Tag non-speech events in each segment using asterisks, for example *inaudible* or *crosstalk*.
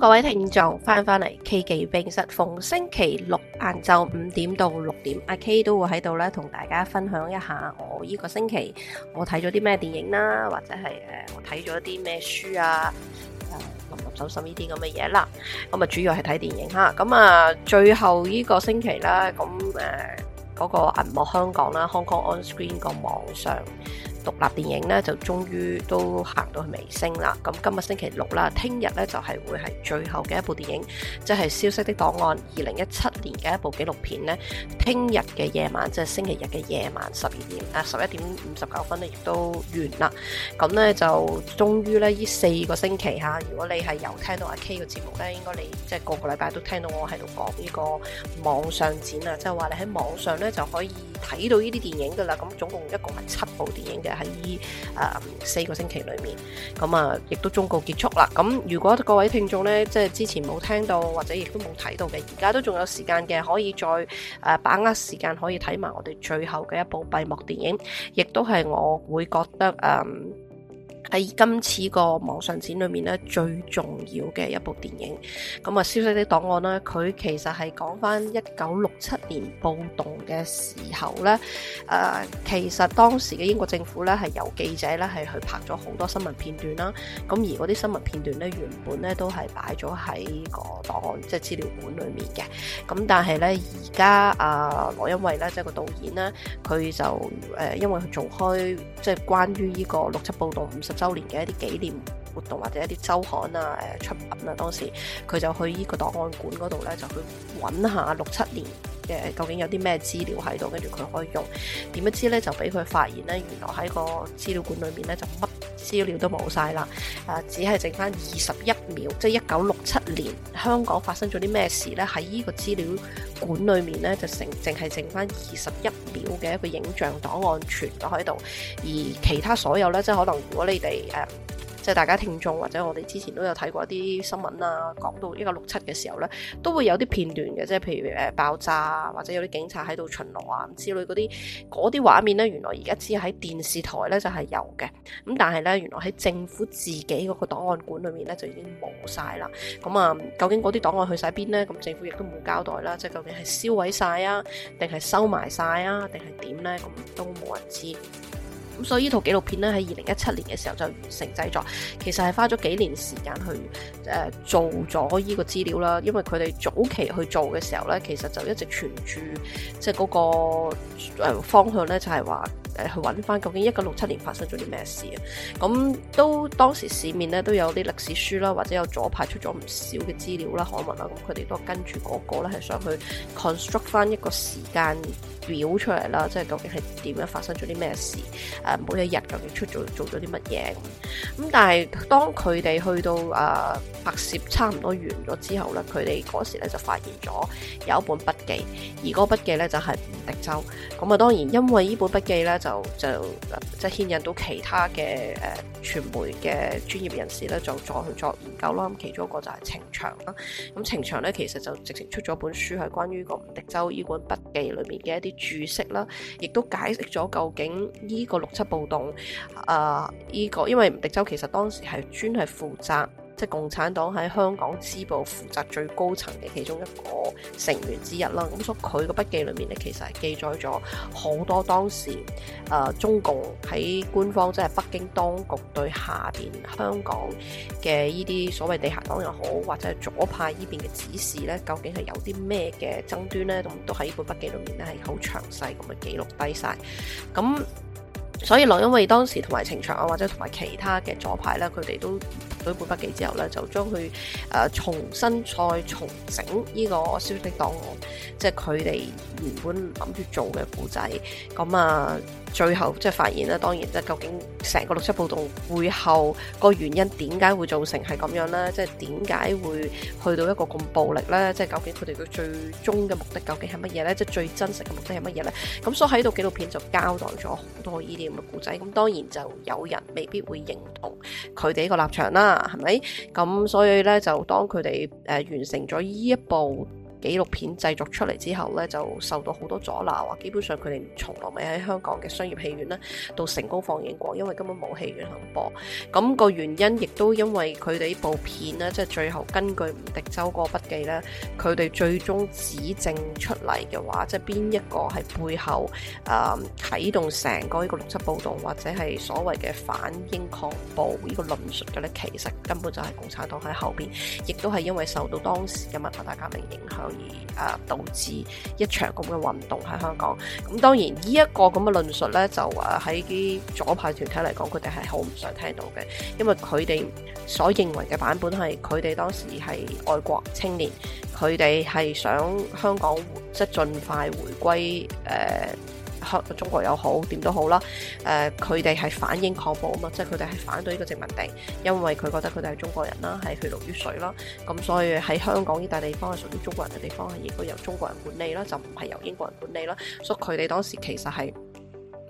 各位聽眾翻翻嚟，K 記冰室。逢星期六晏晝五點到六點，阿 K 都會喺度咧同大家分享一下我依個星期我睇咗啲咩電影啦，或者係誒我睇咗啲咩書啊，立立手心呢啲咁嘅嘢啦。咁啊，主要係睇電影哈。咁啊，最後依個星期啦，咁誒嗰個銀幕香港啦，Hong Kong On Screen 個網上。獨立電影咧就終於都行到去尾聲啦！咁今日星期六啦，聽日咧就係會係最後嘅一部電影，即係《消失的檔案》二零一七年嘅一部紀錄片咧。聽日嘅夜晚，即係星期日嘅夜晚十二點啊，十一點五十九分咧亦都完啦。咁咧就終於咧呢四個星期吓，如果你係有聽到阿 K 嘅節目咧，應該你即係個個禮拜都聽到我喺度講呢個網上展啊，即係話你喺網上咧就可以睇到呢啲電影噶啦。咁總共一共係七部電影嘅。喺呢誒、呃、四個星期裏面，咁啊，亦都終告結束啦。咁如果各位聽眾呢，即係之前冇聽到或者亦都冇睇到嘅，而家都仲有時間嘅，可以再誒、呃、把握時間，可以睇埋我哋最後嘅一部閉幕電影，亦都係我會覺得誒。呃喺今次個網上展裏面咧，最重要嘅一部電影，咁啊，《消失的檔案》呢，佢其實係講返一九六七年暴動嘅時候呢。誒、呃，其實當時嘅英國政府呢，係有記者呢，係去拍咗好多新聞片段啦，咁而嗰啲新聞片段呢，原本呢都係擺咗喺個檔案即係資料館裏面嘅，咁但係呢，而家啊，羅恩惠呢，因為呢，即係個導演呢，佢就誒因為佢做開即係、就是、關於呢個六七暴動五十周年嘅一啲紀念。活動或者一啲周刊啊、誒、呃、出品啊，當時佢就去依個檔案館嗰度咧，就去揾下六七年嘅，究竟有啲咩資料喺度，跟住佢可以用。點不知咧就俾佢發現咧，原來喺個資料館裏面咧就乜資料都冇晒啦，啊、呃、只係剩翻二十一秒，即係一九六七年香港發生咗啲咩事咧？喺依個資料館裏面咧就成只是剩淨係剩翻二十一秒嘅一個影像檔案存咗喺度，而其他所有咧，即係可能如果你哋誒。呃即係大家聽眾或者我哋之前都有睇過一啲新聞啊，講到一個六七嘅時候咧，都會有啲片段嘅，即係譬如誒爆炸啊，或者有啲警察喺度巡邏啊之類嗰啲，嗰啲畫面咧，原來而家只喺電視台咧就係有嘅，咁但係咧原來喺政府自己嗰個檔案館裏面咧就已經冇晒啦。咁啊，究竟嗰啲檔案去晒邊咧？咁政府亦都冇交代啦，即係究竟係燒毀晒啊，定係收埋晒啊，定係點咧？咁都冇人知。咁所以這錄呢套紀錄片咧喺二零一七年嘅時候就完成製作，其實係花咗幾年時間去誒、呃、做咗依個資料啦。因為佢哋早期去做嘅時候咧，其實就一直存住即係嗰個誒、呃、方向咧，就係話誒去揾翻究竟一九六七年發生咗啲咩事啊。咁都當時市面咧都有啲歷史書啦，或者有左派出咗唔少嘅資料啦、可聞啦，咁佢哋都跟住嗰個咧係想去 construct 翻一個時間。表出嚟啦，即係究竟係點樣發生咗啲咩事？誒，每一日究竟出咗做咗啲乜嘢咁？咁但係當佢哋去到誒、呃、拍攝差唔多完咗之後咧，佢哋嗰時咧就發現咗有一本筆記，而個筆記咧就係吳迪洲。咁啊，當然因為呢本筆記咧，就就即係牽引到其他嘅誒傳媒嘅專業人士咧，就再去作研究啦。咁其中一個就係程祥啦。咁程祥咧其實就直情出咗本書，係關於個吳迪洲呢本筆記裏面嘅一啲。注釋啦，亦都解釋咗究竟呢個六七暴動啊，呢、呃這個因為迪州其實當時係專係負責。即係共產黨喺香港支部負責最高層嘅其中一個成員之一啦。咁所以佢嘅筆記裏面咧，其實係記載咗好多當時誒、呃、中共喺官方即係北京當局對下邊香港嘅依啲所謂地下黨又好，或者係左派依邊嘅指示咧，究竟係有啲咩嘅爭端咧，咁都喺呢本筆記裏面咧係好詳細咁嘅記錄低晒。咁所以咯，因為當時同埋程翔啊，或者同埋其他嘅左派咧，佢哋都。改本筆記之後咧，就將佢誒、呃、重新再重整呢個消失檔案，即係佢哋原本諗住做嘅故仔。咁啊，最後即係發現咧，當然即係究竟成個六七暴動背後個原因點解會造成係咁樣咧？即係點解會去到一個咁暴力咧？即係究竟佢哋嘅最終嘅目的究竟係乜嘢咧？即係最真實嘅目的係乜嘢咧？咁所以喺度紀錄片就交代咗好多呢啲咁嘅故仔。咁當然就有人未必會認同佢哋呢個立場啦。係咪？咁所以咧，就當佢哋誒完成咗呢一步。紀錄片製作出嚟之後呢，就受到好多阻撓，話基本上佢哋從來未喺香港嘅商業戲院呢，到成功放映過，因為根本冇戲院肯播。咁、那個原因亦都因為佢哋呢部片呢，即係最後根據吳荻舟個筆記呢，佢哋最終指證出嚟嘅話，即係邊一個係背後誒、嗯、啟動成個呢個六七暴動，或者係所謂嘅反英抗暴呢、這個論述嘅呢，其實根本就係共產黨喺後邊，亦都係因為受到當時嘅文化大革命影響。而啊，導致一場咁嘅運動喺香港。咁當然，呢、這、一個咁嘅論述呢，就啊喺啲左派團體嚟講，佢哋係好唔想聽到嘅，因為佢哋所認為嘅版本係佢哋當時係愛國青年，佢哋係想香港即係、就是、盡快回歸誒。呃中國又好，點都好啦。誒、呃，佢哋係反英抗暴啊嘛，即係佢哋係反對呢個殖民地，因為佢覺得佢哋係中國人啦，係血濃於水啦。咁所以喺香港呢笪地方係屬於中國人嘅地方，係亦都由中國人管理啦，就唔係由英國人管理啦。所以佢哋當時其實係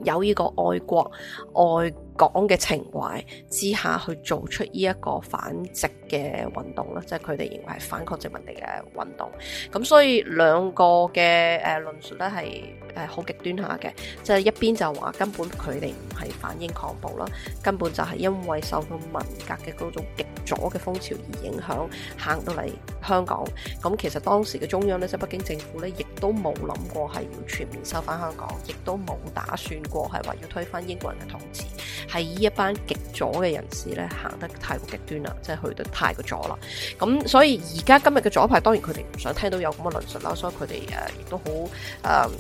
有呢個愛國愛講嘅情懷之下去做出呢一個反殖嘅運動啦，即係佢哋認為係反抗殖民地嘅運動。咁所以兩個嘅誒論述咧係誒好極端下嘅，即係一邊就話根本佢哋唔係反英抗暴啦，根本就係因為受到文革嘅嗰種極左嘅風潮而影響行到嚟香港。咁其實當時嘅中央呢，即係北京政府呢，亦都冇諗過係要全面收翻香港，亦都冇打算過係話要推翻英國人嘅統治。係依一班極左嘅人士咧，行得太過極端啦，即係去得太過左啦。咁所以而家今日嘅左派當然佢哋唔想聽到有咁嘅論述啦，所以佢哋誒亦都好誒。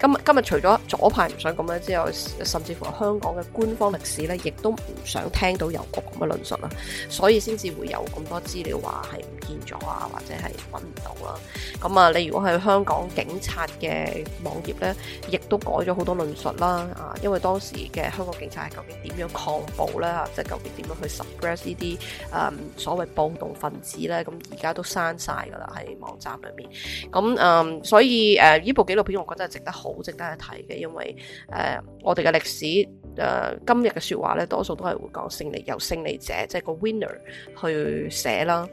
今日今日除咗左派唔想咁樣之外，甚至乎香港嘅官方歷史咧，亦都唔想聽到有咁嘅論述啦。所以先至會有咁多資料話係唔見咗啊，或者係揾唔到啦。咁啊，你如果係香港警察嘅網頁咧，亦都改咗好多論述啦。啊，因為當時嘅香港警察係究竟點？點樣抗暴咧？即係究竟點樣去 suppress 呢啲誒所謂暴動分子咧？咁而家都刪晒噶啦，喺網站裏面。咁誒、嗯，所以誒呢、呃、部紀錄片，我覺得係值得好值得去睇嘅，因為誒、呃、我哋嘅歷史誒、呃、今日嘅說話咧，多數都係會講勝利由勝利者即係、就是、個 winner 去寫啦。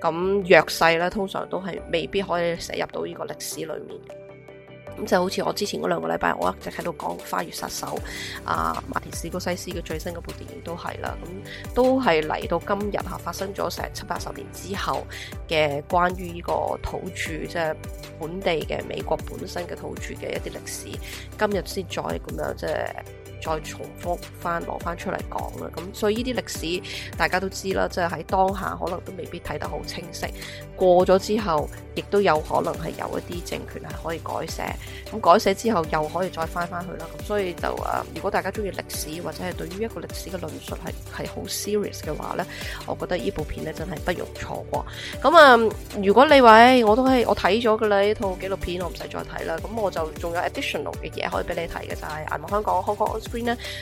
咁弱勢咧，通常都係未必可以寫入到呢個歷史裏面。咁就好似我之前嗰兩個禮拜，我一直喺度講《花月殺手》啊，啊馬田斯高西斯嘅最新嗰部電影都係、嗯、都係啦，咁都係嚟到今日嚇、啊、發生咗成七八十年之後嘅關於呢個土著，即係本地嘅美國本身嘅土著嘅一啲歷史，今日先再咁樣即係。再重複翻攞翻出嚟講啦，咁所以呢啲歷史大家都知啦，即係喺當下可能都未必睇得好清晰。過咗之後，亦都有可能係有一啲政權係可以改寫。咁改寫之後又可以再翻翻去啦。咁所以就如果大家中意歷史或者係對於一個歷史嘅論述係係好 serious 嘅話呢，我覺得呢部片呢真係不容錯過。咁啊，如果你話我都係我睇咗噶啦，呢套紀錄片我唔使再睇啦，咁我就仲有 additional 嘅嘢可以俾你睇嘅就係銀幕香港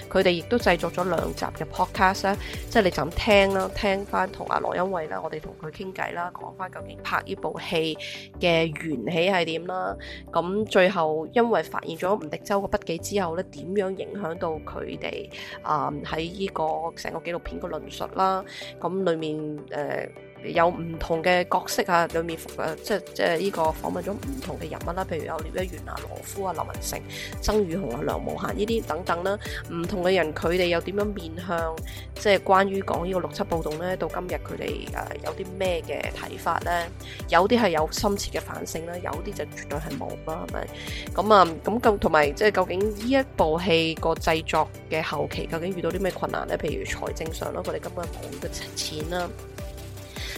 佢哋亦都製作咗兩集嘅 podcast 即係你就咁聽啦，聽翻同阿羅恩惠啦，我哋同佢傾偈啦，講翻究竟拍呢部戲嘅緣起係點啦，咁最後因為發現咗吳迪洲個筆記之後呢，點樣影響到佢哋啊喺呢個成個紀錄片嘅論述啦，咁裡面誒。呃有唔同嘅角色啊，裏面服即係即係、這、呢個訪問咗唔同嘅人物啦，譬如有廖一元啊、羅夫啊、林文成、曾宇紅啊、梁慕嫻呢啲等等啦，唔同嘅人佢哋又點樣面向即係關於講呢個六七暴動咧？到今日佢哋誒有啲咩嘅睇法咧？有啲係有，有深切嘅反省啦，有啲就絕對係冇啦，係咪？咁啊，咁同埋即係究竟呢一部戲個製作嘅後期究竟遇到啲咩困難咧？譬如財政上咯，佢哋根本冇嘅錢啦。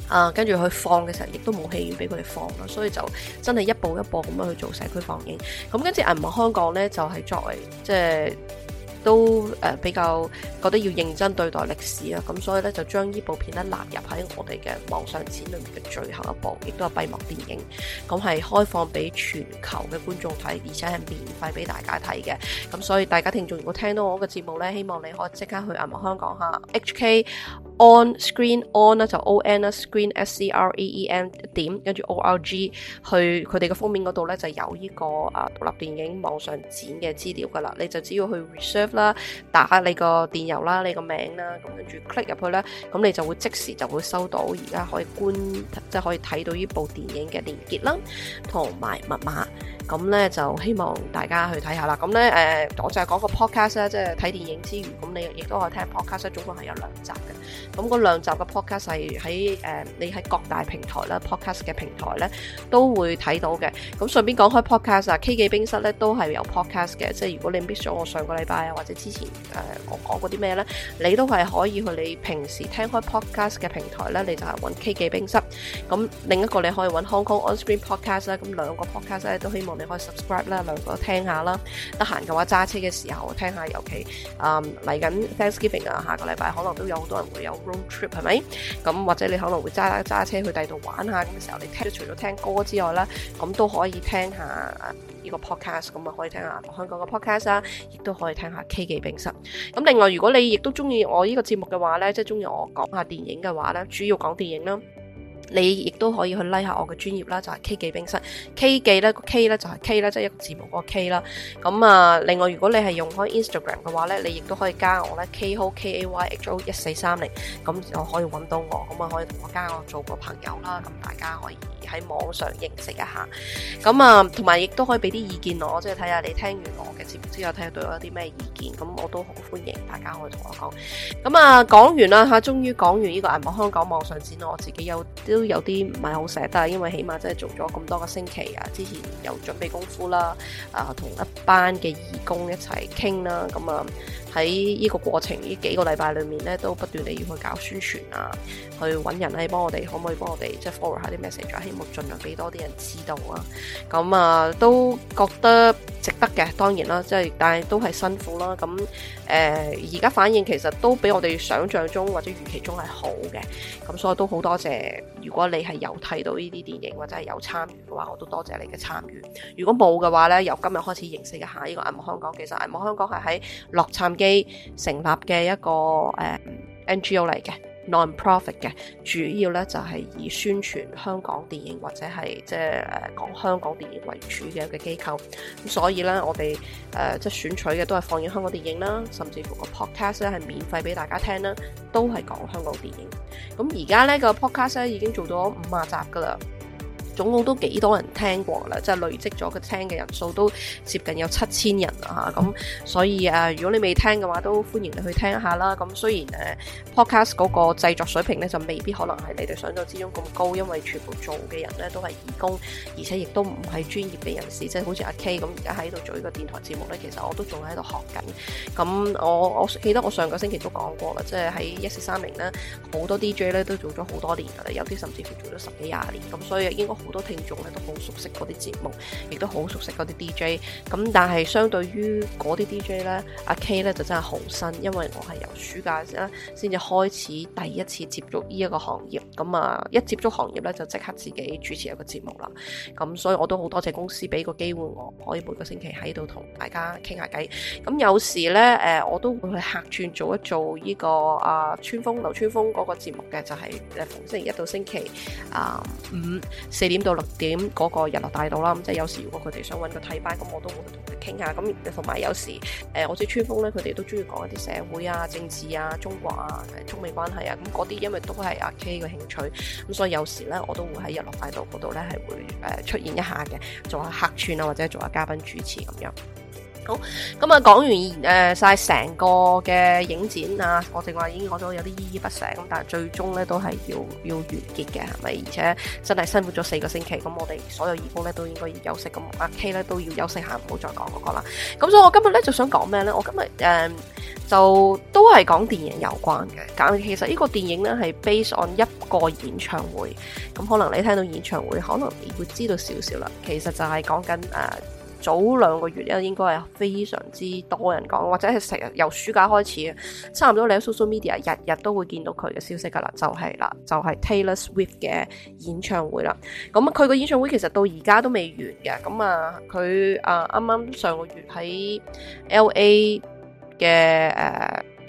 啊，跟住佢放嘅時候，亦都冇戲院俾佢哋放咯，所以就真係一步一步咁樣去做社區放映。咁跟住銀幕香港呢，就係、是、作為即係都誒、呃、比較覺得要認真對待歷史啦。咁所以呢，就將呢部片呢納入喺我哋嘅網上展裏面嘅最後一部，亦都係閉幕電影。咁係開放俾全球嘅觀眾睇，而且係免費俾大家睇嘅。咁所以大家聽眾如果聽到我嘅節目呢，希望你可以即刻去銀幕香港嚇 HK。On screen on 咧就 O N 啦，screen S C R E E N 點，跟住 O R G 去佢哋嘅封面嗰度咧就有呢、這個啊獨立電影網上展嘅資料㗎啦，你就只要去 reserve 啦，打你個電郵啦，你個名啦，咁跟住 click 入去啦，咁你就會即時就會收到而家可以觀即係、就是、可以睇到呢部電影嘅鏈接啦，同埋密碼，咁咧就希望大家去睇下啦，咁咧誒我就係講個 podcast 啦，即係睇電影之餘，咁你亦都可以聽 podcast，總共係有兩集嘅。咁嗰兩集嘅 podcast 係喺誒你喺各大平台啦 podcast 嘅平台咧都會睇到嘅。咁順便講開 podcast 啊，K 記冰室咧都係有 podcast 嘅。即係如果你 miss 咗我上個禮拜啊，或者之前誒、呃、我講嗰啲咩咧，你都係可以去你平時聽開 podcast 嘅平台咧，你就係揾 K 記冰室。咁另一個你可以揾 Hong Kong Onscreen Podcast 啦，咁兩個 podcast 咧都希望你可以 subscribe 啦，兩個都聽下啦。得閒嘅話揸車嘅時候聽下，尤其誒嚟緊 Thanksgiving 啊，下個禮拜可能都有好多人會有。Road trip 係咪？咁或者你可能會揸揸車去第二度玩下咁嘅時候，你聽除咗聽歌之外啦，咁都可以聽下呢個 podcast，咁啊可以聽下香港嘅 podcast 啦，亦都可以聽下 K 記冰室。咁另外，如果你亦都中意我呢個節目嘅話呢，即係中意我講下電影嘅話呢，主要講電影啦。你亦都可以去 like 下我嘅專頁啦，就係 K 記冰室。K 記呢個 K 呢，就係 K 啦，即係一個字母個 K 啦。咁啊，另外如果你係用開 Instagram 嘅話呢，你亦都可以加我咧，Kho K A Y H O 一四三零，咁我可以揾到我，咁啊可以同我加我做個朋友啦。咁大家可以喺網上認識一下。咁啊，同埋亦都可以俾啲意見我，即係睇下你聽完我嘅節目之後，睇下對我有啲咩意見，咁我都好歡迎大家可以同我講。咁啊，講完啦嚇，終於講完呢個銀幕香港網上展我自己有。都有啲唔係好捨得，因為起碼真係做咗咁多個星期啊，之前有準備功夫啦，啊、呃，同一班嘅義工一齊傾啦，咁啊。喺呢個過程，呢幾個禮拜裏面咧，都不斷地要去搞宣傳啊，去揾人去幫我哋，可唔可以幫我哋即係 forward 下啲 message，希望盡量俾多啲人知道啊。咁、嗯、啊、嗯，都覺得值得嘅，當然啦，即係但係都係辛苦啦。咁、嗯、誒，而、呃、家反應其實都比我哋想象中或者預期中係好嘅。咁、嗯、所以都好多謝。如果你係有睇到呢啲電影或者係有參與嘅話，我都多謝你嘅參與。如果冇嘅話咧，由今日開始認識一下呢個銀幕香港。其實銀幕香港係喺洛杉磯。成立嘅一個誒 NGO 嚟嘅 non-profit 嘅，主要咧就係以宣傳香港電影或者係即係誒講香港電影為主嘅一個機構。咁所以咧，我哋誒即係選取嘅都係放映香港電影啦，甚至乎個 podcast 咧係免費俾大家聽啦，都係講香港電影。咁而家咧個 podcast 咧已經做咗五十集㗎喇。總共都幾多人聽過啦，即係累積咗個聽嘅人數都接近有七千人啊！咁所以、啊、如果你未聽嘅話，都歡迎你去聽一下啦。咁、啊、雖然誒、啊、Podcast 嗰個製作水平咧，就未必可能係你哋想像之中咁高，因為全部做嘅人咧都係義工，而且亦都唔係專業嘅人士，即係好似阿 K 咁而家喺度做呢個電台節目咧。其實我都仲喺度學緊。咁、啊、我我記得我上個星期都講過啦，即係喺一四三零咧，好多 DJ 咧都做咗好多年啦，有啲甚至乎做咗十幾廿年。咁所以應該。好多聽眾咧都好熟悉嗰啲節目，亦都好熟悉嗰啲 DJ。咁但係相對於嗰啲 DJ 呢，阿 K 呢就真係好新，因為我係由暑假先至開始第一次接觸呢一個行業。咁啊，一接觸行業呢，就即刻自己主持一個節目啦。咁所以我都好多謝公司俾個機會，我可以每個星期喺度同大家傾下偈。咁有時呢，誒我都會去客串做一做呢、呢個啊，川風流川風嗰個節目嘅，就係、係、逢星期一到星期啊五四。五到六點嗰個日落大道啦，咁即係有時如果佢哋想搵個替班，咁我都會同佢傾下。咁同埋有時，誒、呃、我知川風咧，佢哋都中意講一啲社會啊、政治啊、中國啊、中美關係啊。咁嗰啲因為都係阿 K 嘅興趣，咁所以有時咧，我都會喺日落大道嗰度咧係會誒、呃、出現一下嘅，做下客串啊，或者做下嘉賓主持咁樣。好，咁、嗯、啊，講完誒、晒、呃、成個嘅影展啊，我正話已經講咗有啲依依不捨咁，但係最終咧都係要要完結嘅，係咪？而且真係辛苦咗四個星期，咁、嗯、我哋所有義工咧都應該要休息，咁阿 K 咧都要休息下，唔好再講嗰個啦。咁、嗯、所以我今日咧就想講咩咧？我今日誒、嗯、就都係講電影有關嘅。咁其實呢個電影咧係 based on 一個演唱會，咁、嗯、可能你聽到演唱會，可能你會知道少少啦。其實就係講緊誒。呃早兩個月咧，應該係非常之多人講，或者係成日由暑假開始，差唔多你喺 social media 日日都會見到佢嘅消息噶啦，就係啦，就係 Taylor Swift 嘅演唱會啦。咁佢個演唱會其實到而家都未完嘅。咁啊，佢啊啱啱上個月喺 LA 嘅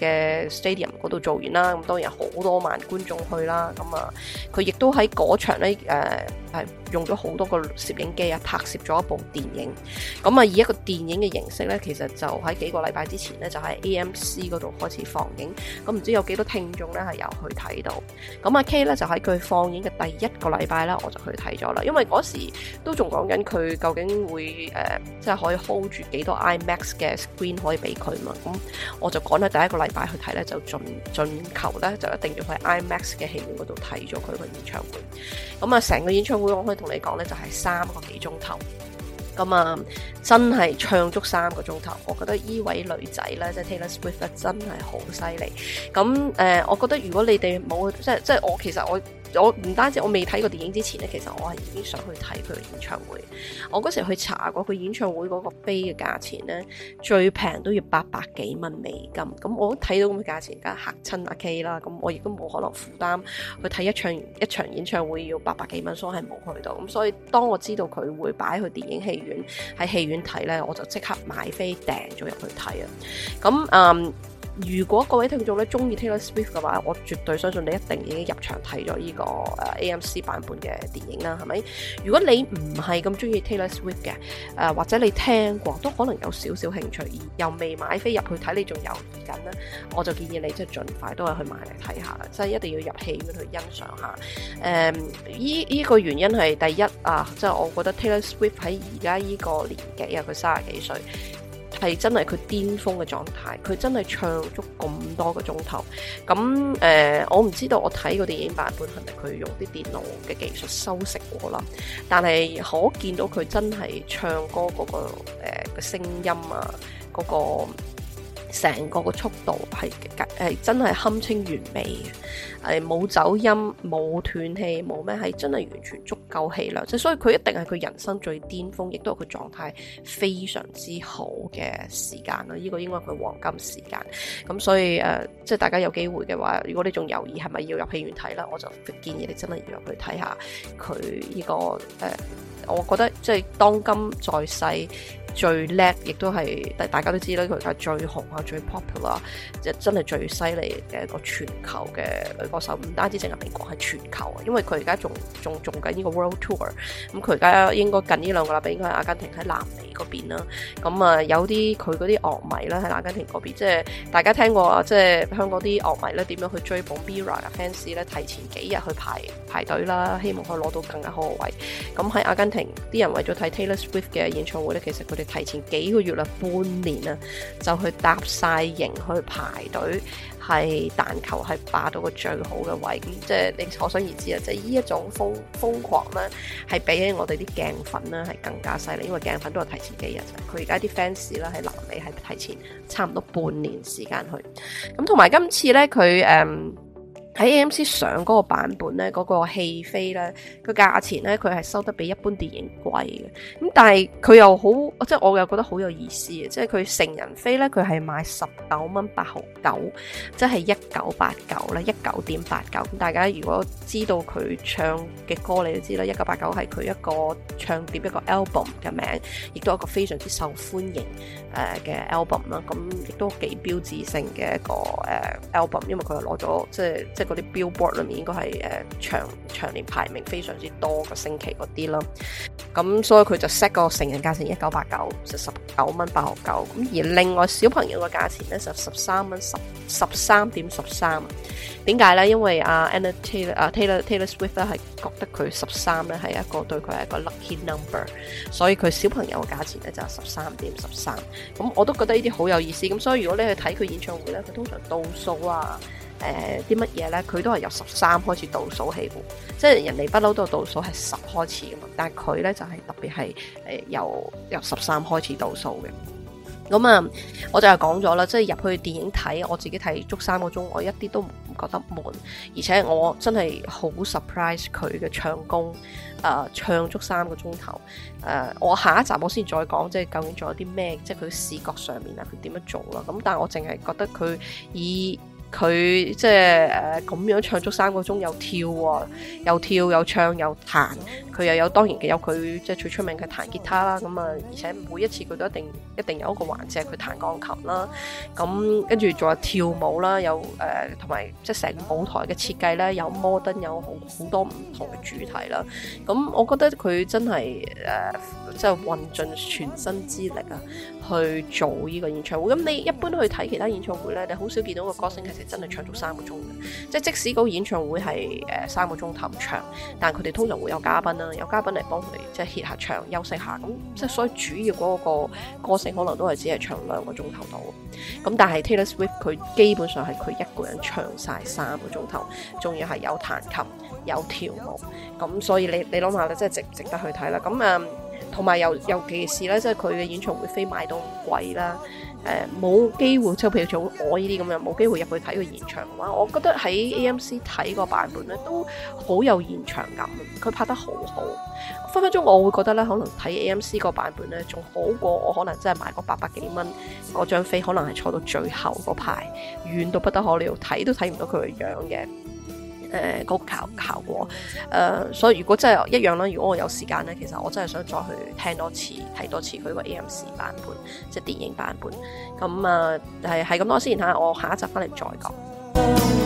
誒嘅 stadium 嗰度做完啦。咁當然好多萬觀眾去啦。咁啊，佢、呃、亦都喺嗰場咧誒係。呃用咗好多個攝影機啊，拍攝咗一部電影，咁啊以一個電影嘅形式咧，其實就喺幾個禮拜之前咧，就喺 AMC 度開始放映，咁唔知有幾多聽眾，咧係有去睇到，咁阿 K 咧就喺佢放映嘅第一個禮拜啦，我就去睇咗啦，因為嗰時都仲講緊，佢究竟會誒即係可以 hold 住幾多 IMAX 嘅 screen 可以俾佢嘛，咁我就趕喺第一個禮拜去睇咧，就盡盡求咧就一定要去 IMAX 嘅戲院嗰度睇咗佢個演唱會。咁啊成個演唱會。我。同你講咧就係三個幾鐘頭，咁啊真係唱足三個鐘頭，我覺得依位女仔咧即係 Taylor Swift 真係好犀利，咁誒，我覺得如果你哋冇即係即係我其實我。我唔單止我未睇過電影之前咧，其實我係已經想去睇佢嘅演唱會。我嗰時去查過佢演唱會嗰個飛嘅價錢咧，最平都要八百幾蚊美金。咁我睇到咁嘅價錢，梗係嚇親阿 K 啦。咁我亦都冇可能負擔去睇一場一場演唱會要八百幾蚊，所以係冇去到。咁所以當我知道佢會擺去電影戲院喺戲院睇咧，我就即刻買飛訂咗入去睇啊。咁啊～嗯如果各位聽眾咧中意 Taylor Swift 嘅話，我絕對相信你一定已經入場睇咗呢個 AMC 版本嘅電影啦，係咪？如果你唔係咁中意 Taylor Swift 嘅、呃，或者你聽過都可能有少少興趣，而又未買飛入去睇，你仲猶豫緊咧，我就建議你即係盡快都係去買嚟睇下，即係一定要入戲院去欣賞一下。誒、嗯，依、這、依個原因係第一啊，即、就是、我覺得 Taylor Swift 喺而家呢個年紀啊，佢三十幾歲。係真係佢巔峰嘅狀態，佢真係唱足咁多個鐘頭。咁誒、呃，我唔知道我睇個電影版本係咪佢用啲電腦嘅技術修飾過啦，但係可見到佢真係唱歌嗰、那個誒嘅、呃、聲音啊，嗰、那個成個個速度係係真係堪稱完美嘅，係冇走音冇斷氣冇咩，係真係完全足夠氣量，即係所以佢一定係佢人生最巔峰，亦都係佢狀態非常之好嘅時間啦。呢、這個應該係佢黃金時間，咁所以誒、呃，即係大家有機會嘅話，如果你仲猶豫係咪要入戲院睇啦，我就建議你真係要入去睇下佢呢、這個誒、呃，我覺得即係當今在世。最叻，亦都係大大家都知啦，佢而家最紅啊，最 popular，即真係最犀利嘅一個全球嘅女歌手。唔單止淨係美國，係全球。啊，因為佢而家仲仲仲緊呢個 world tour，咁佢而家應該近呢兩個禮拜應該係阿根廷喺南美嗰邊啦。咁啊，有啲佢嗰啲樂迷啦，喺阿根廷嗰邊，即係大家聽過啊，即係香港啲樂迷咧點樣去追捧 Mirror 嘅 fans 咧，提前幾日去排排隊啦，希望可以攞到更加好嘅位。咁喺阿根廷啲人為咗睇 Taylor Swift 嘅演唱會咧，其實佢哋。提前幾個月啦，半年啊，就去搭晒營去排隊，係但求係霸到個最好嘅位。咁即係你可想而知啊！即係呢一種瘋瘋狂啦，係比起我哋啲鏡粉啦，係更加犀利。因為鏡粉都係提前幾日，佢而家啲 fans 啦喺南美係提前差唔多半年時間去。咁同埋今次咧，佢誒。嗯喺 AMC 上嗰個版本咧，嗰個戲飛咧個價錢咧，佢係收得比一般電影貴嘅。咁但係佢又好，即係我又覺得好有意思嘅，即係佢成人飛咧，佢係賣十九蚊八毫九，即係一九八九咧，一九點八九。咁大家如果知道佢唱嘅歌，你都知啦，一九八九係佢一個唱碟一個 album 嘅名，亦都係一個非常之受歡迎誒嘅 album 啦。咁亦都幾標誌性嘅一個誒 album，因為佢係攞咗即係。即嗰啲 billboard 裏面應該係誒長長年排名非常之多個星期嗰啲咯，咁所以佢就 set 個成人價錢一九八九，就十九蚊八毫九，咁而另外小朋友個價錢咧就十三蚊十十三點十三，點解咧？因為阿 Anna 阿 Taylor Taylor Swift 咧係覺得佢十三咧係一個對佢係一個 lucky number，所以佢小朋友個價錢咧就十三點十三，咁我都覺得呢啲好有意思，咁所以如果你去睇佢演唱會咧，佢通常倒數啊。誒、呃，啲乜嘢呢？佢都係由十三開始倒數起步，即係人哋不嬲都係倒數係十開始嘅嘛。但係佢呢，就係、是、特別係誒由十三開始倒數嘅。咁啊，我就係講咗啦，即係入去電影睇，我自己睇足三個鐘，我一啲都唔覺得悶，而且我真係好 surprise 佢嘅唱功。誒、呃，唱足三個鐘頭，誒、呃，我下一集我先再講，即係究竟仲有啲咩，即係佢視覺上面啊，佢點樣做啦？咁，但係我淨係覺得佢以佢即係誒咁樣唱足三個鐘，又跳啊，又跳又唱又彈，佢又有當然嘅有佢即係最出名嘅彈吉他啦。咁啊，而且每一次佢都一定一定有一個環節係佢彈鋼琴啦。咁跟住仲有跳舞啦，有誒同埋即係成個舞台嘅設計咧，有摩登，有好好多唔同嘅主題啦。咁我覺得佢真係誒即係運盡全身之力啊！去做呢個演唱會，咁你一般去睇其他演唱會呢，你好少見到個歌星其實真係唱足三個鐘嘅，即係即使個演唱會係誒、呃、三個鐘頭長，但佢哋通常會有嘉賓啦，有嘉賓嚟幫佢哋即係歇下場、休息下，咁即係所以主要嗰個歌，歌星可能都係只係唱兩個鐘頭到，咁但係 Taylor Swift 佢基本上係佢一個人唱晒三個鐘頭，仲要係有彈琴、有跳舞，咁所以你你諗下，即係值唔值得去睇啦？咁同埋由尤其是咧，即係佢嘅演唱會飛賣到貴啦，誒、呃、冇機會，即係譬如做我呢啲咁樣冇機會入去睇佢現場嘅話，我覺得喺 AMC 睇個版本咧都好有現場感，佢拍得好好，分分鐘我會覺得咧，可能睇 AMC 個版本咧仲好過我可能真係買個八百幾蚊嗰張飛，可能係坐到最後嗰排遠到不得可了，睇都睇唔到佢嘅樣嘅。誒、呃那個效效果、呃，所以如果真係一樣啦，如果我有時間咧，其實我真係想再去聽多次、睇多次佢個 AMC 版本，即係電影版本。咁啊，係係咁多先嚇，我下一集翻嚟再講。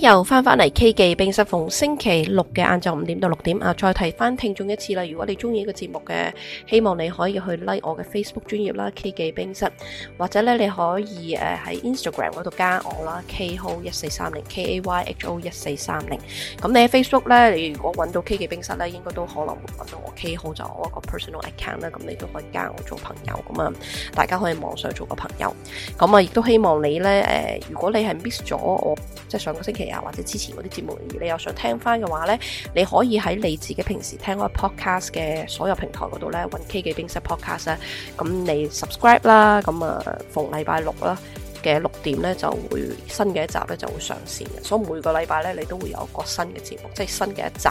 又翻翻嚟 K 記冰室逢星期六嘅晏晝五點到六點啊，再提翻聽眾一次啦。如果你中意呢個節目嘅，希望你可以去 like 我嘅 Facebook 專頁啦，K 記冰室，或者咧你可以誒喺 Instagram 度加我啦，KHo 一四三零 KAYHO 一四三零。咁你喺 Facebook 咧，你如果搵到 K 記冰室咧，應該都可能會搵到我 KHo 就我一個 personal account 啦。咁你都可以加我做朋友噶啊，大家可以網上做個朋友。咁啊，亦都希望你咧誒，如果你係 miss 咗我，即係上個星期。啊，或者之前嗰啲節目，而你又想聽翻嘅話咧，你可以喺你自己平時聽嗰個 podcast 嘅所有平台嗰度咧，揾 K 記冰室 podcast 咁你 subscribe 啦，咁啊逢禮拜六啦嘅六點咧就會新嘅一集咧就會上線嘅，所以每個禮拜咧你都會有個新嘅節目，即係新嘅一集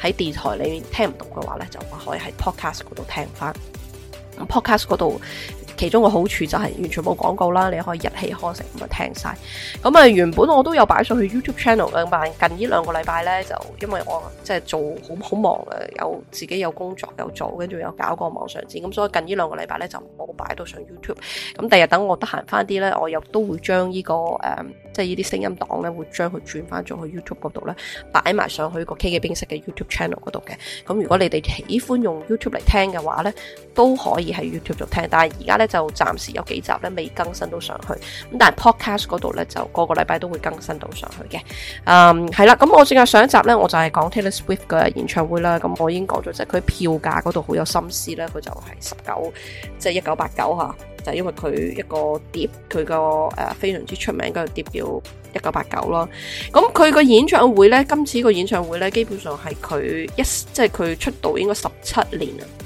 喺電台裏面聽唔到嘅話咧，就可以喺 podcast 嗰度聽翻，podcast 嗰度。其中個好處就係、是、完全冇廣告啦，你可以一氣呵成咁啊聽晒。咁啊原本我都有擺上去 YouTube channel 嘅，但近呢兩個禮拜呢，就因為我即係做好好忙啊，有自己有工作有做，跟住有搞個網上展，咁所以近呢兩個禮拜呢，就冇擺到上 YouTube。咁第日等我得閒翻啲呢，我又都會將呢、這個、嗯即係呢啲聲音檔咧，會將佢轉翻咗去 YouTube 嗰度咧，擺埋上去個 K 記冰室嘅 YouTube channel 嗰度嘅。咁如果你哋喜歡用 YouTube 嚟聽嘅話咧，都可以喺 YouTube 度聽。但係而家咧就暫時有幾集咧未更新到上去。咁但係 Podcast 嗰度咧就個個禮拜都會更新到上去嘅。嗯，係啦。咁我最近上一集咧，我就係講 Taylor Swift 嘅演唱會啦。咁我已經講咗就佢票價嗰度好有心思咧，佢就係十九，即係一九八九吓就係因為佢一個碟，佢個誒非常之出名嘅碟叫《一九八九》咯。咁佢個演唱會咧，今次個演唱會咧，基本上係佢一即係佢出道應該十七年啊。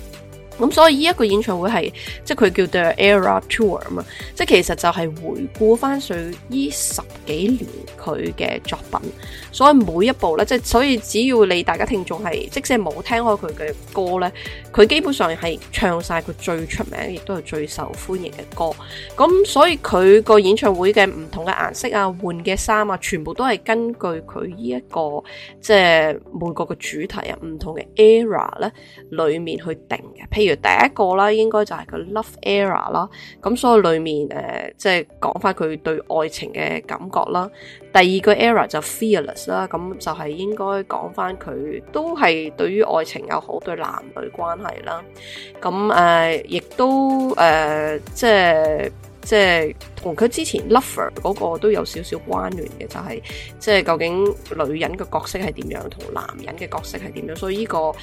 咁所以依一個演唱會係即係佢叫做 The Era Tour 啊嘛，即係其實就係回顧翻佢依十幾年佢嘅作品，所以每一部咧，即係所以只要你大家聽眾係即使冇聽開佢嘅歌咧，佢基本上係唱晒佢最出名亦都係最受歡迎嘅歌，咁所以佢個演唱會嘅唔同嘅顏色啊、換嘅衫啊，全部都係根據佢依一個即係每個嘅主題啊、唔同嘅 era 咧裏面去定嘅，例如第一個啦，應該就係個 Love Era 啦，咁所以裏面誒、呃，即係講翻佢對愛情嘅感覺啦。第二個 era 就 Fearless 啦，咁就係應該講翻佢都係對於愛情又好，對男女關係啦。咁誒，亦、呃、都誒、呃，即係。即係同佢之前《Lover》嗰個都有少少關聯嘅，就係即係究竟女人嘅角色係點樣同男人嘅角色係點樣，所以呢個誒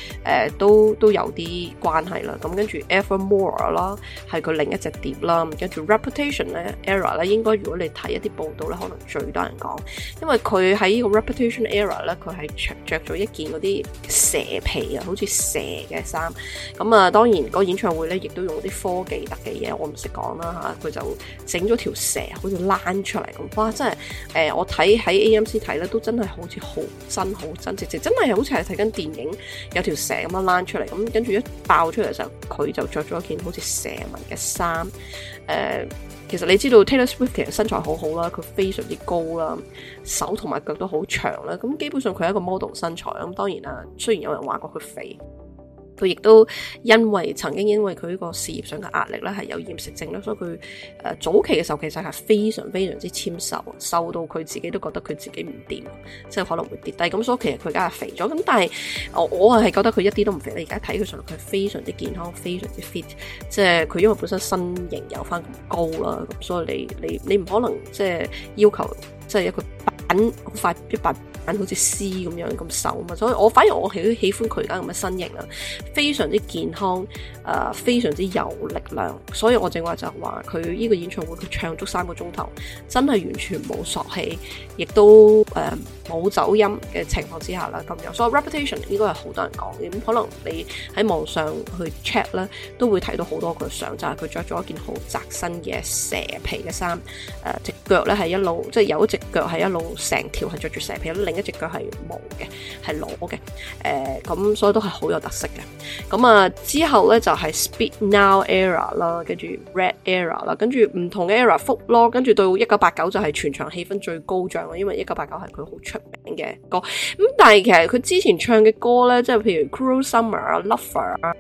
都都有啲關係啦。咁跟住《Evermore》啦，係佢另一隻碟啦。跟住《Reputation》咧，《Era》咧，應該如果你睇一啲報道咧，可能最多人講，因為佢喺呢個 Reputation Era 咧，佢係着着咗一件啲蛇皮啊，好似蛇嘅衫。咁啊，當然個演唱會咧，亦都用啲科技特嘅嘢，我唔識講啦吓佢就。整咗條蛇好似躝出嚟咁，哇！真係，誒、呃，我睇喺 AMC 睇咧，都真係好似好真好真，直直真係好似係睇緊電影，有條蛇咁樣躝出嚟，咁、嗯、跟住一爆出嚟嘅時候，佢就着咗一件好似蛇紋嘅衫。誒、呃，其實你知道 Taylor Swift 其實身材好好啦，佢非常之高啦，手同埋腳都好長啦，咁、嗯、基本上佢係一個 model 身材。咁、嗯、當然啦，雖然有人話過佢肥。佢亦都因為曾經因為佢呢個事業上嘅壓力咧，係有厭食症啦，所以佢、呃、早期嘅時候其實係非常非常之纖瘦，瘦到佢自己都覺得佢自己唔掂，即係可能會跌低。但係咁所以其實佢而家係肥咗。咁但係我我係覺得佢一啲都唔肥，你而家睇佢上，佢非常之健康，非常之 fit。即係佢因為本身身形有翻咁高啦，咁所以你你你唔可能即係要求即係一個板，好快一板。眼好似絲咁樣咁瘦啊嘛，所以我反而我係都喜歡佢而家咁嘅身形啦，非常之健康、呃，非常之有力量。所以我正話就話佢呢個演唱會佢唱足三個鐘頭，真係完全冇索氣，亦都呃、冇走音嘅情況之下啦。今日所以 reputation 應該係好多人講嘅，咁可能你喺網上去 check 咧，都會睇到好多個相，就係佢着咗一件好窄身嘅蛇皮嘅衫，呃、隻腳咧係一路，即係有一隻腳係一路成條係着住蛇皮，一隻腳係冇嘅，係攞嘅，誒、呃，咁所以都係好有特色嘅。咁、嗯、啊，之後咧就係、是、Speak Now Era 啦，跟住 Red Era 啦，跟住唔同嘅 Era 复咯，跟住到一九八九就係全場氣氛最高漲啦，因為一九八九係佢好出名嘅歌。咁但係其實佢之前唱嘅歌咧，即係譬如 Cruel Summer 啊、呃、Lover 啊、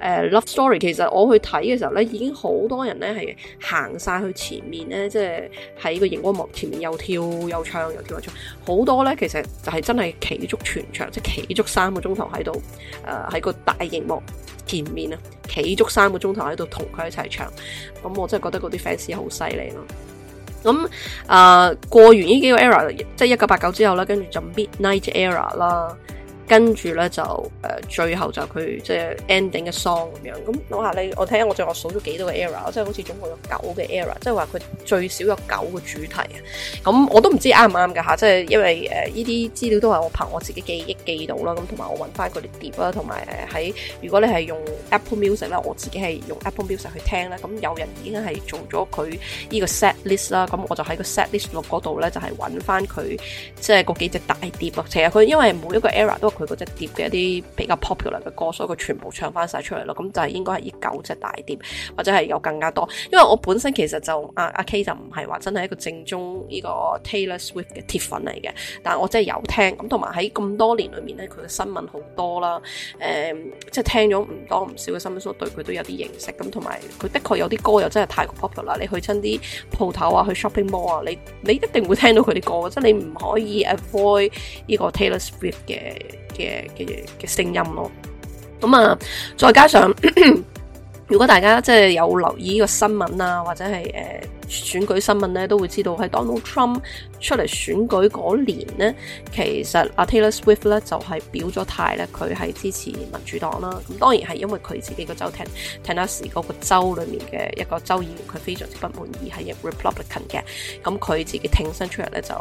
誒 Love Story，其實我去睇嘅時候咧，已經好多人咧係行晒去前面咧，即係喺個熒光幕前面又跳又唱又跳又唱，好多咧其實。其實就係真係企足全場，即係企足三個鐘頭喺度，誒、呃、喺個大熒幕前面啊，企足三個鐘頭喺度同佢一齊唱，咁我真係覺得嗰啲 fans 好犀利咯。咁誒、呃、過完呢幾個 era，即係一九八九之後咧，跟住就 midnight era 啦。.跟住咧就誒、呃、最後就佢即係 ending 嘅 song 咁樣，咁我下你我聽我最後數咗幾多個 era，即係好似總共有九個 era，即係話佢最少有九個主題啊。咁我都唔知啱唔啱噶吓，即係因為呢啲、呃、資料都係我憑我自己記憶記到啦，咁同埋我揾翻佢啲碟啦，同埋喺如果你係用 Apple Music 啦，我自己係用 Apple Music 去聽啦。咁有人已經係做咗佢呢個 set list 啦，咁我就喺個 set list 錄嗰度咧就係揾翻佢即係嗰幾隻大碟咯。其實佢因為每一個 era 都。佢嗰隻碟嘅一啲比較 popular 嘅歌，所以佢全部唱翻晒出嚟咯。咁就係應該係呢九隻大碟，或者係有更加多。因為我本身其實就阿阿 K 就唔係話真係一個正宗呢個 Taylor Swift 嘅鐵粉嚟嘅，但係我真係有聽。咁同埋喺咁多年裏面咧，佢嘅新聞好多啦。誒，即係聽咗唔多唔少嘅新聞，所以對佢都有啲認識。咁同埋佢的確有啲歌又真係太過 popular。你去親啲鋪頭啊，去 shopping mall 啊，你你一定會聽到佢啲歌，即係你唔可以 avoid 呢個 Taylor Swift 嘅。嘅嘅嘅聲音咯，咁啊，再加上 *coughs* 如果大家即係有留意呢個新聞啊，或者係誒、呃、選舉新聞咧，都會知道喺 Donald Trump 出嚟選舉嗰年咧，其實阿 Taylor Swift 咧就係、是、表咗態咧，佢係支持民主黨啦。咁當然係因為佢自己的州個州 Tennessee 嗰個州裏面嘅一個州議員，佢非常之不滿意係 Republican 嘅，咁佢自己挺身出嚟咧就。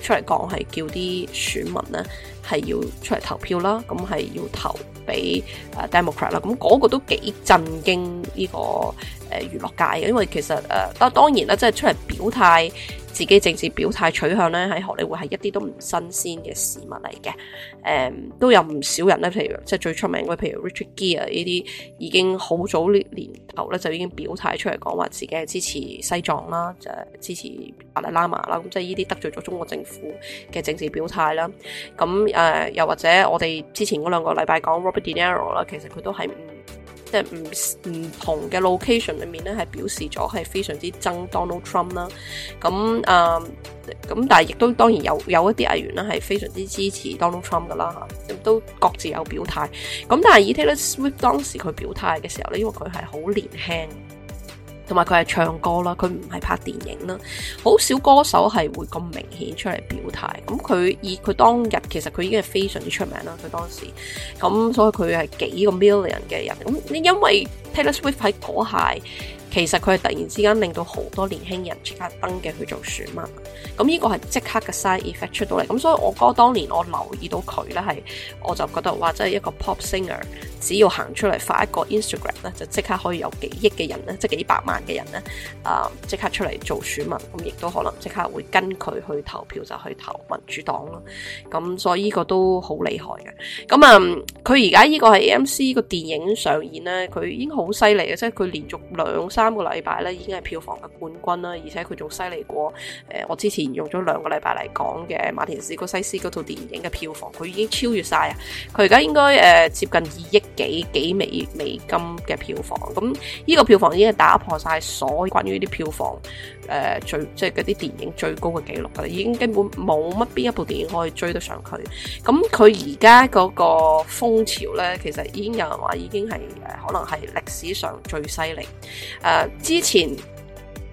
出嚟講係叫啲選民咧係要出嚟投票啦，咁係要投俾啊 Democrat 啦，咁嗰個都幾震驚呢個。誒娛樂界嘅，因為其實誒、呃，當然啦，即係出嚟表態自己政治表態取向咧，喺荷里活係一啲都唔新鮮嘅事物嚟嘅。誒、嗯、都有唔少人咧，譬如即係最出名嘅譬如 Richard Gere 呢啲，已經好早年頭咧就已經表態出嚟講話自己係支持西藏啦，就支持達賴喇嘛啦，咁即係呢啲得罪咗中國政府嘅政治表態啦。咁誒、呃、又或者我哋之前嗰兩個禮拜講 Robert De Niro 啦，其實佢都係唔即係唔唔同嘅 location 裏面咧，係表示咗係非常之憎 Donald Trump 啦。咁啊，咁、嗯、但係亦都當然有有一啲藝員啦，係非常之支持 Donald Trump 噶啦，都各自有表態。咁但係 Taylor Swift 當時佢表態嘅時候咧，因為佢係好年輕。同埋佢係唱歌啦，佢唔係拍電影啦，好少歌手係會咁明顯出嚟表態。咁佢以佢當日其實佢已經係非常之出名啦，佢當時，咁所以佢係幾個 million 嘅人。咁你因為 Taylor Swift 喺嗰下。其實佢係突然之間令到好多年輕人即刻登記去做選民，咁呢個係即刻嘅 side effect 出到嚟。咁所以我哥當年我留意到佢咧係，我就覺得哇，即係一個 pop singer，只要行出嚟發一個 Instagram 咧，就即刻可以有幾億嘅人咧，即係幾百萬嘅人咧，啊、呃，即刻出嚟做選民，咁亦都可能即刻會跟佢去投票就去投民主黨咯。咁所以呢個都好厲害嘅。咁啊，佢而家呢個係 AMC 個電影上演咧，佢已經好犀利嘅，即係佢連續兩三個禮拜咧已經係票房嘅冠軍啦，而且佢仲犀利過誒，我之前用咗兩個禮拜嚟講嘅《馬田史高西斯》嗰套電影嘅票房，佢已經超越晒啊！佢而家應該誒、呃、接近二億幾幾美美金嘅票房，咁呢個票房已經係打破晒所有關於啲票房誒、呃、最即係嗰啲電影最高嘅紀錄啦，已經根本冇乜邊一部電影可以追得上佢。咁佢而家嗰個風潮咧，其實已經有人話已經係誒可能係歷史上最犀利。呃啊、之前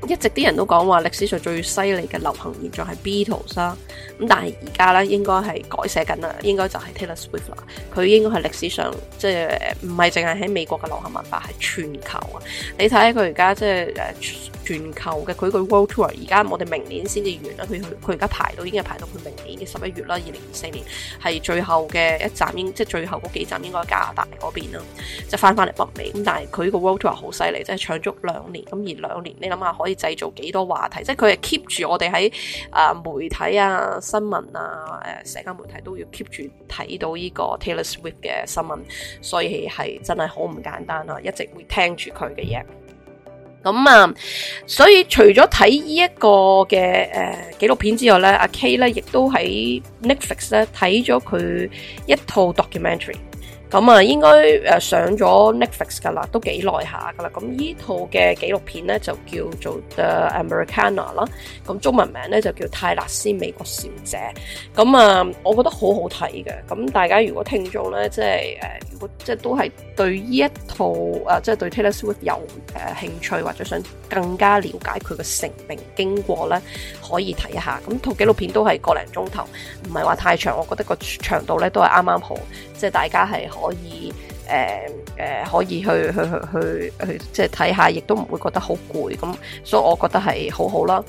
一直啲人都講話歷史上最犀利嘅流行現象係 Beatles 啦、啊，咁但係而家咧應該係改寫緊啦，應該就係 Taylor Swift 啦，佢應該係歷史上即係唔係淨係喺美國嘅流行文化係全球看現在啊，你睇下佢而家即係誒。全球嘅，佢個 World Tour 而家我哋明年先至完啦，佢佢而家排到已經係排到佢明年嘅十一月啦，二零二四年係最後嘅一站，應即係最後嗰幾站應該加拿大嗰邊啦，就翻翻嚟北美。咁但係佢個 World Tour 好犀利，即係唱足兩年。咁而兩年你諗下可以製造幾多話題，即係佢係 keep 住我哋喺啊媒體啊新聞啊誒社交媒體都要 keep 住睇到呢個 Taylor Swift 嘅新聞，所以係真係好唔簡單啦，一直會聽住佢嘅嘢。咁、嗯、啊，所以除咗睇呢一個嘅誒紀錄片之外咧，阿、啊、K 咧亦都喺 Netflix 咧睇咗佢一套 documentary。咁啊，應該誒上咗 Netflix 㗎啦，都幾耐下㗎啦。咁依套嘅紀錄片咧就叫做 Miss Americana 啦，咁中文名咧就叫泰勒絲美國小姐。咁啊，我覺得好好睇嘅。咁大家如果聽眾咧，即係誒如果即係都係對呢一套誒即係對 Taylor Swift 有誒、呃、興趣，或者想更加了解佢嘅成名經過咧，可以睇一下。咁套紀錄片都係個零鐘頭，唔係話太長，我覺得個長度咧都係啱啱好，即係大家係。可以誒誒、呃呃，可以去去去去去，去，去，即係睇下，亦都唔會覺得好攰咁，所以我覺得係好好啦。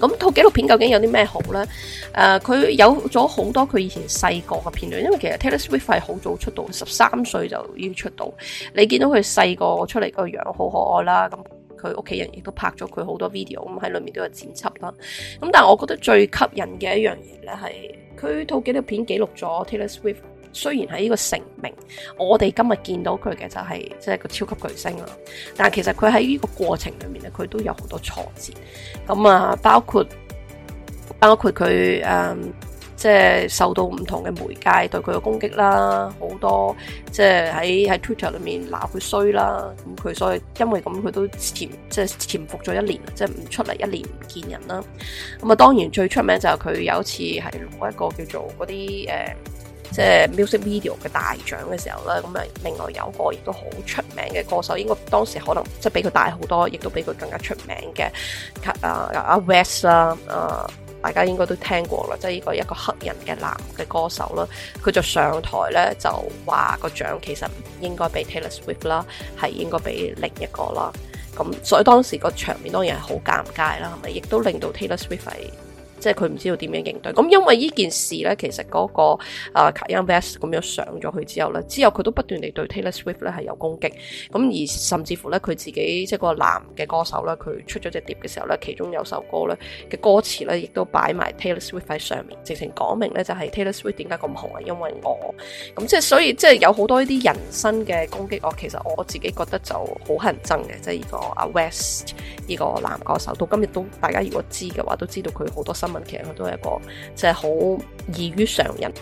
咁套紀錄片究竟有啲咩好咧？誒、呃，佢有咗好多佢以前細個嘅片段，因為其實 Taylor Swift 係好早出道，十三歲就已經出道。你見到佢細個出嚟個樣好可愛啦。咁佢屋企人亦都拍咗佢好多 video，咁喺裏面都有剪輯啦。咁但係我覺得最吸引嘅一樣嘢咧係，佢套紀錄片記錄咗 Taylor Swift。雖然喺呢個成名，我哋今日見到佢嘅就係即係個超級巨星啦。但係其實佢喺呢個過程裏面咧，佢都有好多挫折。咁啊，包括包括佢誒，即、嗯、係、就是、受到唔同嘅媒介對佢嘅攻擊啦，好多即係喺喺 Twitter 裏面鬧佢衰啦。咁佢所以因為咁，佢都潛即係、就是、潛伏咗一年，即係唔出嚟一年唔見人啦。咁啊，當然最出名就係佢有一次係攞一個叫做嗰啲誒，呃即係 music video 嘅大獎嘅時候咧，咁啊，另外有一個亦都好出名嘅歌手，應該當時可能即係比佢大好多，亦都比佢更加出名嘅啊阿 West 啦，啊，啊，啊，啊大家應該都聽過啦，即係呢個一個黑人嘅男嘅歌手啦，佢就上台咧就話個獎其實唔應該俾 Taylor Swift 啦，係應該俾另一個啦，咁所以當時個場面當然係好尷尬啦，係咪亦都令到 Taylor Swift 係。即係佢唔知道點樣應對，咁因為呢件事咧，其實、嗰個啊 Kanye West 咁樣上咗去之後咧，之後佢都不斷地對 Taylor Swift 咧係有攻擊，咁而甚至乎咧佢自己即係個男嘅歌手咧，佢出咗隻碟嘅時候咧，其中有首歌咧嘅歌詞咧亦都擺埋 Taylor Swift 喺上面，直情講明咧就係、是、Taylor Swift 點解咁紅啊？因為我，咁即係所以即係有好多呢啲人身嘅攻擊，我其實我自己覺得就好乞人憎嘅，即係呢個阿 West 呢個男歌手到今日都大家如果知嘅話都知道佢好多新。其實佢都係一個，就係好異於常人。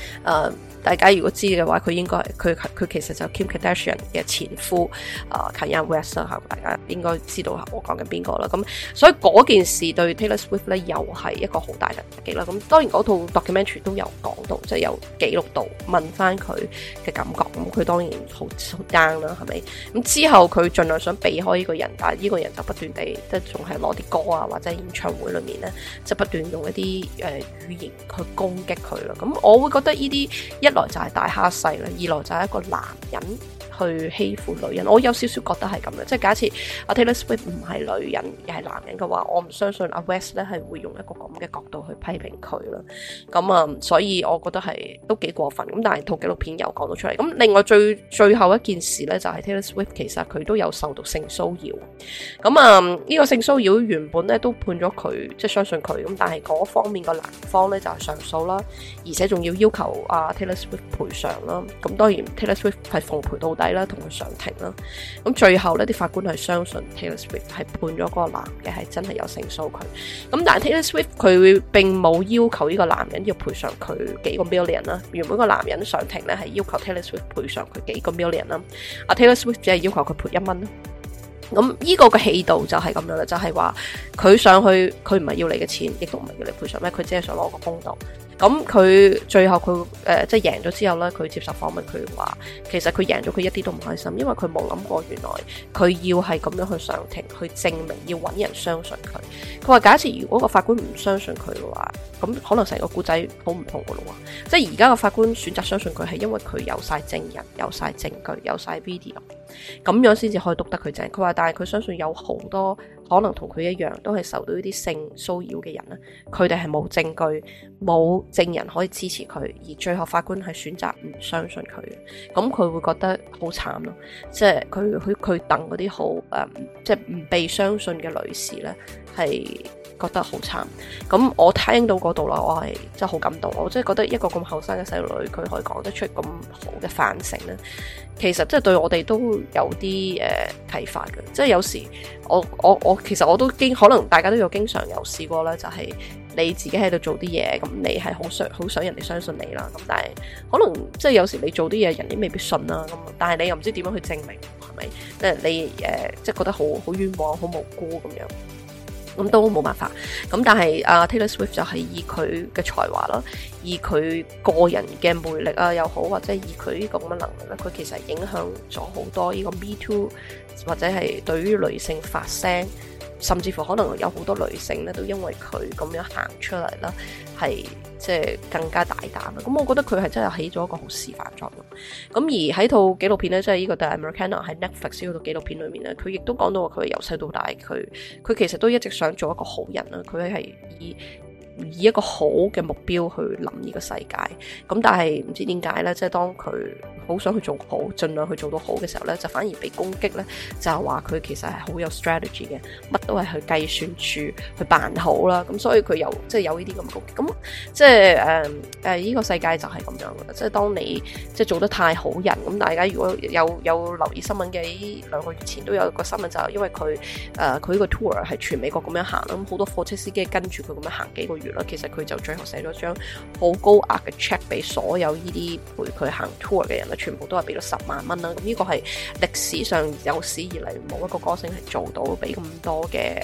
誒、呃，大家如果知嘅話，佢應該佢佢其實就是 Kim Kardashian 嘅前夫啊、呃、Kanye West 大家應該知道我講緊邊個啦。咁、嗯、所以嗰件事對 Taylor Swift 咧，又係一個好大嘅打擊啦。咁、嗯、當然嗰套 documentary 都有講到，即、就、係、是、有記錄到問翻佢嘅感覺。咁、嗯、佢當然好好 down 啦，係咪？咁、嗯、之後佢盡量想避開呢個人，但係呢個人就不斷地即係仲係攞啲歌啊，或者演唱會裏面咧，就不斷用一啲誒、呃、語言去攻擊佢啦。咁、嗯、我會覺得。依啲一來就係大蝦細啦，二來就係一個男人。去欺負女人，我有少少覺得係咁樣，即係假設阿 Taylor Swift 唔係女人而係男人嘅話，我唔相信阿 West 咧係會用一個咁嘅角度去批評佢啦。咁、嗯、啊，所以我覺得係都幾過分。咁但係套紀錄片又講到出嚟。咁另外最最後一件事咧，就係、是、Taylor Swift 其實佢都有受到性騷擾，咁、嗯、啊、呢、這個性騷擾原本咧都判咗佢，即係相信佢。咁但係嗰方面個男方咧就係上訴啦，而且仲要要求阿 Taylor Swift 賠償啦。咁當然 Taylor Swift 係奉陪到底，啦，同佢上庭啦，咁最後咧，啲法官係相信 Taylor Swift 係判咗嗰個男嘅，係真係有性騷擾佢。咁但係 Taylor Swift 佢並冇要求呢個男人要賠償佢幾個 million 啦。原本嗰個男人上庭咧係要求 Taylor Swift 賠償佢幾個 million 啦，阿 Taylor Swift 只係要求佢賠一蚊啦。咁呢個嘅氣度就係咁樣啦，就係話佢上去佢唔係要你嘅錢，亦都唔係要你賠償咩？佢只係想攞個公道。咁佢最後佢、呃、即係贏咗之後咧，佢接受訪問，佢話其實佢贏咗，佢一啲都唔開心，因為佢冇諗過原來佢要係咁樣去上庭去證明，要揾人相信佢。佢話假設如果個法官唔相信佢嘅話，咁可能成個故仔好唔同嘅咯。即係而家個法官選擇相信佢係因為佢有晒證人、有晒證據、有晒 video，咁樣先至可以篤得佢正。佢話但係佢相信有好多。可能同佢一樣，都係受到呢啲性騷擾嘅人啦。佢哋係冇證據、冇證人可以支持佢，而最後法官係選擇唔相信佢。咁佢會覺得好慘咯。即係佢佢佢等嗰啲好誒，即係唔被相信嘅女士呢，係。覺得好慘，咁我聽到嗰度啦，我係真係好感動，我真係覺得一個咁後生嘅細路女，佢可以講得出咁好嘅反省咧，其實即係對我哋都有啲誒啟發嘅，即、呃、係、就是、有時候我我我其實我都經可能大家都有經常有試過啦，就係、是、你自己喺度做啲嘢，咁你係好想好想人哋相信你啦，咁但係可能即係、就是、有時候你做啲嘢人哋未必信啦，咁但係你又唔知點樣去證明係咪、呃，即係你誒即係覺得好好冤枉好無辜咁樣。咁都冇辦法，咁但係啊 Taylor Swift 就係以佢嘅才華咯，以佢個人嘅魅力啊又好，或者以佢呢個咁嘅能力咧，佢其實影響咗好多呢個 Me Too，或者係對於女性發聲，甚至乎可能有好多女性咧都因為佢咁樣行出嚟啦。係即係更加大膽啦，咁我覺得佢係真係起咗一個好示範作用。咁而喺套紀錄片咧，即係呢個《Miss Americana》喺 Netflix 嗰套紀錄片裏面咧，佢亦都講到佢係由細到大，佢佢其實都一直想做一個好人啦。佢係以。以一個好嘅目標去諗呢個世界，咁但係唔知點解呢？即係當佢好想去做好，盡量去做到好嘅時候呢，就反而被攻擊呢就係話佢其實係好有 strategy 嘅，乜都係去計算住去辦好啦，咁所以佢又即係有呢啲咁嘅，咁即係誒誒呢個世界就係咁樣嘅，即係當你即係做得太好人，咁大家如果有有留意新聞嘅呢兩個月前都有一個新聞就係因為佢誒佢個 tour 係全美國咁樣行，咁好多貨車司機跟住佢咁樣行幾個月。其實佢就最後寫咗張好高額嘅 check 俾所有呢啲陪佢行 tour 嘅人啦，全部都係俾咗十萬蚊啦。咁呢個係歷史上有史以嚟，冇一個歌星係做到俾咁多嘅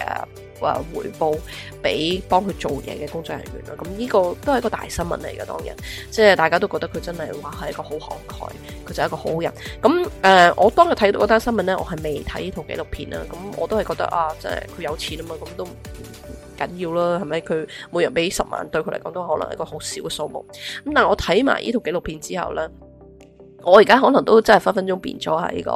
誒，回報俾幫佢做嘢嘅工作人員啦。咁呢個都係一個大新聞嚟㗎。當日即係大家都覺得佢真係話係一個好慷慨，佢就係一個好人。咁誒、呃，我當日睇到嗰單新聞呢，我係未睇呢套紀錄片啊。咁我都係覺得啊，即係佢有錢啊嘛，咁都。嗯緊要啦，係咪，佢每人俾十萬，對佢嚟講都可能係一個好少嘅數目。咁但係我睇埋呢套紀錄片之後咧，我而家可能都真係分分鐘變咗係個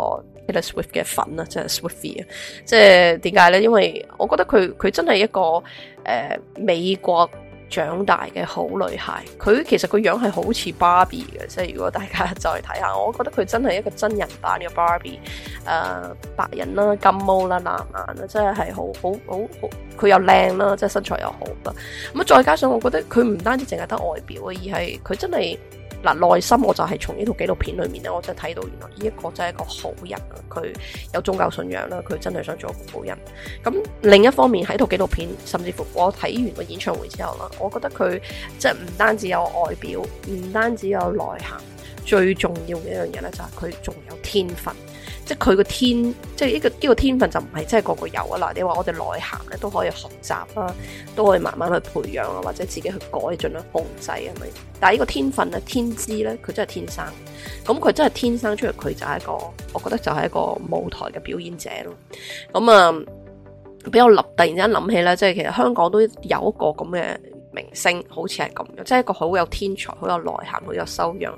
Taylor Swift 嘅粉啦，即係 Swiftie 啊！即係點解咧？因為我覺得佢佢真係一個誒、呃、美國。長大嘅好女孩，佢其實個樣係好似 Barbie 嘅，即係如果大家再睇下，我覺得佢真係一個真人版嘅 Barbie，誒、呃，白人啦，金毛啦，藍眼啦，真係係好好好好，佢又靚啦，即係身材又好啦，咁再加上我覺得佢唔單止淨係得外表啊，而係佢真係。嗱，內心我就係從呢套紀錄片裏面咧，我真係睇到原來呢一個真係一個好人，佢有宗教信仰啦，佢真係想做個好人。咁另一方面喺套紀錄片，甚至乎我睇完個演唱會之後啦，我覺得佢即係唔單止有外表，唔單止有內涵，最重要嘅一樣嘢咧就係佢仲有天分。即係佢個天，即係呢個呢個天分就唔係真係個個有啊。嗱，你話我哋內涵咧都可以學習啦，都可以慢慢去培養啊，或者自己去改，盡量控制係咪？但係呢個天分咧、天資咧，佢真係天生。咁佢真係天生出嚟，佢就係一個，我覺得就係一個舞台嘅表演者咯。咁啊，比較立，突然之間諗起咧，即係其實香港都有一個咁嘅明星，好似係咁，即係一個好有天才、好有內涵、好有修養。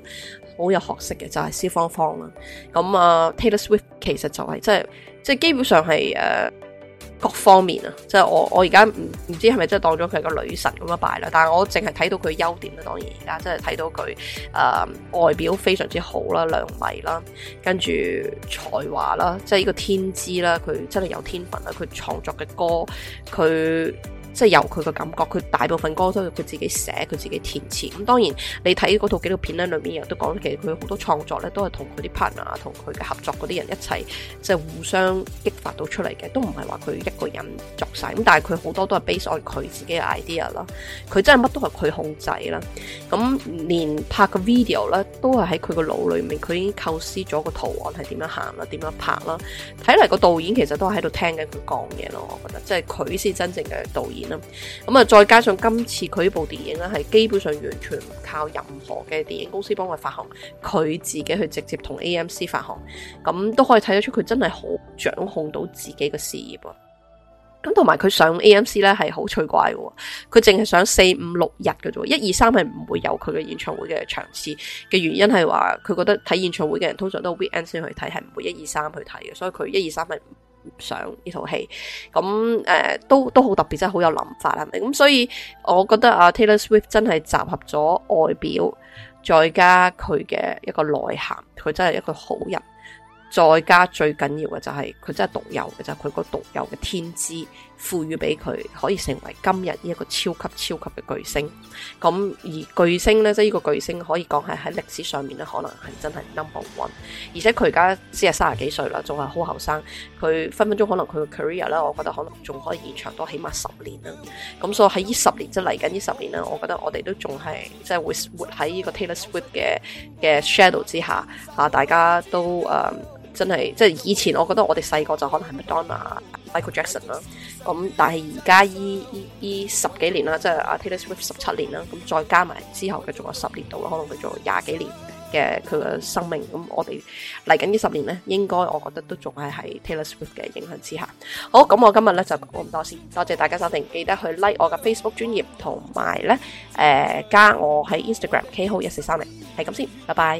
好有學識嘅就係、是、蕭芳芳啦，咁啊、呃、Taylor Swift 其實就係、是、即係即係基本上係誒、呃、各方面啊，即係我我而家唔唔知係咪真係當咗佢個女神咁樣拜啦，但係我淨係睇到佢優點啦，當然而家真係睇到佢誒、呃、外表非常之好啦，亮眉啦，跟住才華啦，即係呢個天資啦，佢真係有天分啦，佢創作嘅歌佢。他即係由佢嘅感覺，佢大部分歌都佢自己寫，佢自己填詞。咁、嗯、當然你睇嗰套紀錄片咧，裏面又都講，其實佢好多創作咧都係同佢啲 partner 同佢嘅合作啲人一齊，即係互相激發到出嚟嘅，都唔係話佢一個人作晒，咁但係佢好多都係 base 喺佢自己嘅 idea 啦，佢真係乜都係佢控制啦。咁連拍個 video 咧都係喺佢個腦裏面，佢已經構思咗個圖案係點樣行啦，點樣拍啦。睇嚟個導演其實都係喺度聽緊佢講嘢咯，我覺得即係佢先真正嘅導演。咁啊，再加上今次佢呢部電影咧，係基本上完全唔靠任何嘅電影公司幫佢發行，佢自己去直接同 AMC 發行，咁都可以睇得出佢真係好掌控到自己嘅事業啊！咁同埋佢上 AMC 咧係好趣怪嘅，佢淨係上四五六日嘅啫，一二三係唔會有佢嘅演唱會嘅場次嘅原因係話，佢覺得睇演唱會嘅人通常都 weekend 先去睇，係唔會一二三去睇嘅，所以佢一二三係。上呢套戲，咁誒、呃、都都好特別，真係好有諗法，係咪？咁所以我覺得啊，Taylor Swift 真係集合咗外表，再加佢嘅一個內涵，佢真係一個好人，再加最緊要嘅就係佢真係獨有嘅，就係佢個獨有嘅天資。賦予俾佢可以成為今日呢一個超級超級嘅巨星，咁而巨星呢，即係呢個巨星可以講係喺歷史上面呢，可能係真係 number one。而且佢而家先係三十幾歲啦，仲係好後生，佢分分鐘可能佢嘅 career 呢，我覺得可能仲可以延長多起碼十年啦。咁所以喺呢十年，即係嚟緊呢十年呢，我覺得我哋都仲係即係會活喺呢個 Taylor Swift 嘅嘅 shadow 之下，啊、大家都、嗯真係，即係以前，我覺得我哋細個就可能係麥當娜、Michael Jackson 啦。咁但係而家依依依十幾年啦，即係啊 Taylor Swift 十七年啦，咁再加埋之後佢仲有十年度啦，可能佢做廿幾年。嘅佢嘅生命，咁我哋嚟緊呢十年咧，應該我覺得都仲係喺 Taylor Swift 嘅影響之下。好，咁我今日咧就講咁多先，多謝大家收聽，記得去 like 我嘅 Facebook 專頁同埋咧，誒加我喺 Instagram KayHo1430，係咁先，拜拜。